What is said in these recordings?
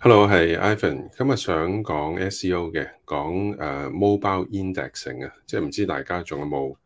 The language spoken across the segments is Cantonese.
Hello，我係 Ivan，今日想講 SEO 嘅，講誒、uh, mobile indexing 啊，即係唔知大家仲有冇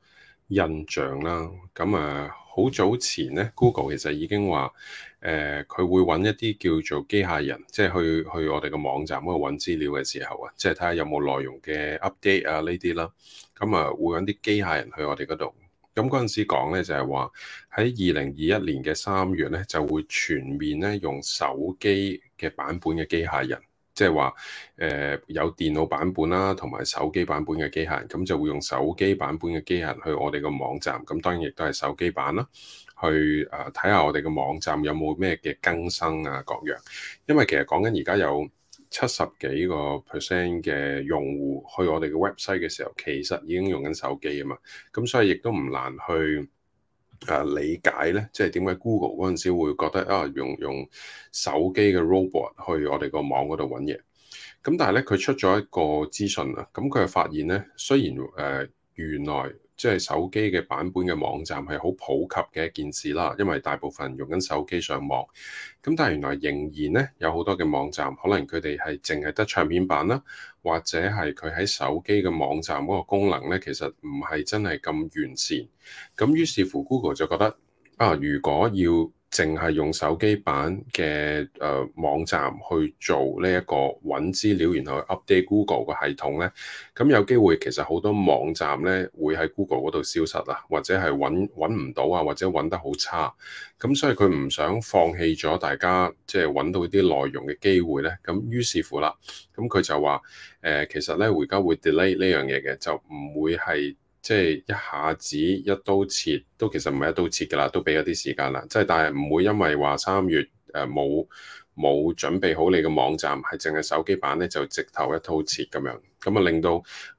印象啦。咁啊，好、uh, 早前咧，Google 其實已經話誒，佢、呃、會搵一啲叫做機械人，即係去去我哋個網站嗰度搵資料嘅時候啊，即係睇下有冇內容嘅 update 啊呢啲啦。咁啊，uh, 會搵啲機械人去我哋嗰度。咁嗰陣時講咧就係話喺二零二一年嘅三月咧就會全面咧用手機，嘅版本嘅機械人，即係話誒有電腦版本啦、啊，同埋手機版本嘅機械人，咁就會用手機版本嘅機械人去我哋個網站，咁當然亦都係手機版啦、啊，去誒睇下我哋嘅網站有冇咩嘅更新啊各樣，因為其實講緊而家有七十幾個 percent 嘅用戶去我哋嘅 website 嘅時候，其實已經用緊手機啊嘛，咁所以亦都唔難去。誒、啊、理解咧，即係點解 Google 嗰陣時會覺得啊，用用手機嘅 robot 去我哋個網嗰度揾嘢，咁但係咧佢出咗一個資訊啊，咁佢就發現咧，雖然誒、呃、原來。即係手機嘅版本嘅網站係好普及嘅一件事啦，因為大部分用緊手機上網。咁但係原來仍然呢，有好多嘅網站，可能佢哋係淨係得桌面版啦，或者係佢喺手機嘅網站嗰個功能呢，其實唔係真係咁完善。咁於是乎 Google 就覺得啊，如果要淨係用手機版嘅誒、呃、網站去做呢、這、一個揾資料，然後 update Google 個系統呢。咁有機會其實好多網站呢會喺 Google 嗰度消失啊，或者係揾揾唔到啊，或者揾得好差，咁所以佢唔想放棄咗大家即係揾到啲內容嘅機會呢。咁於是乎啦，咁佢就話誒、呃，其實呢，而家會 delete 呢樣嘢嘅，就唔會係。即係一下子一刀切，都其實唔係一刀切㗎啦，都俾咗啲時間啦。即係但係唔會因為話三月誒冇冇準備好你嘅網站，係淨係手機版咧就直頭一刀切咁樣，咁啊，令到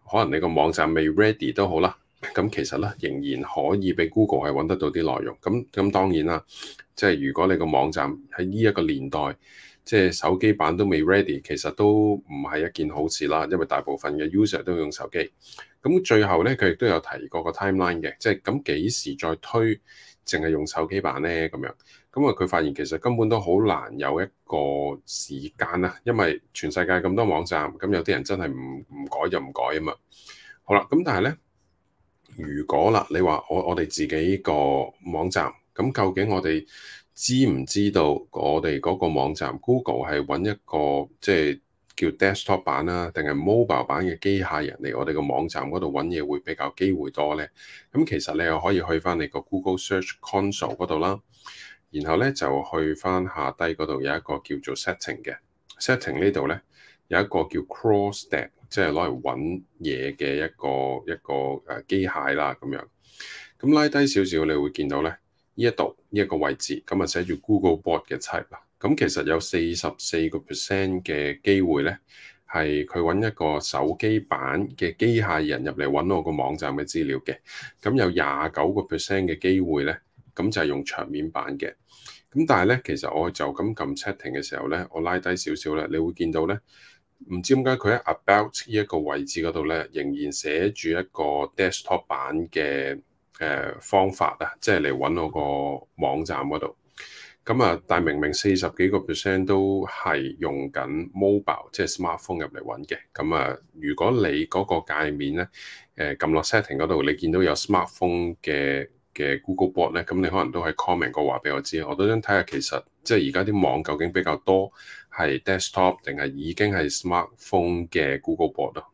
可能你個網站未 ready 都好啦，咁其實咧仍然可以俾 Google 係揾得到啲內容。咁咁當然啦，即係如果你個網站喺呢一個年代。即係手機版都未 ready，其實都唔係一件好事啦，因為大部分嘅 user 都會用手機。咁最後咧，佢亦都有提過個 timeline 嘅，即係咁幾時再推，淨係用手機版咧咁樣。咁啊，佢發現其實根本都好難有一個時間啊，因為全世界咁多網站，咁有啲人真係唔唔改就唔改啊嘛。好啦，咁但係咧，如果啦，你話我我哋自己個網站，咁究竟我哋？知唔知道我哋嗰個網站 Google 係揾一個即係叫 desktop 版啦、啊，定係 mobile 版嘅機械人嚟？我哋個網站嗰度揾嘢會比較機會多呢？咁其實你又可以去翻你個 Google Search Console 嗰度啦，然後呢就去翻下低嗰度有一個叫做 setting 嘅 setting 呢度呢，有一個叫 crawl stats 即係攞嚟揾嘢嘅一個一個誒機械啦咁樣。咁拉低少少，你會見到呢。呢一度呢一個位置咁啊、嗯，寫住 Googlebot 嘅 type 啦、嗯。咁其實有四十四個 percent 嘅機會咧，係佢揾一個手機版嘅機械人入嚟揾我個網站嘅資料嘅。咁、嗯、有廿九個 percent 嘅機會咧，咁、嗯、就係、是、用桌面版嘅。咁、嗯、但係咧，其實我就咁撳 check 嘅時候咧，我拉低少少咧，你會見到咧，唔知點解佢喺 About 呢一個位置嗰度咧，仍然寫住一個 Desktop 版嘅。誒、呃、方法啊，即係嚟揾我個網站嗰度。咁啊，但明明四十幾個 percent 都係用緊 mobile，即係 smartphone 入嚟揾嘅。咁、嗯、啊，如果你嗰個界面咧，誒、呃、撳落 setting 嗰度，你見到有 smartphone 嘅嘅 Google Board 咧，咁你可能都係 comment 個話俾我知。我都想睇下其實即係而家啲網究竟比較多係 desktop 定係已經係 smartphone 嘅 Google Board 咯。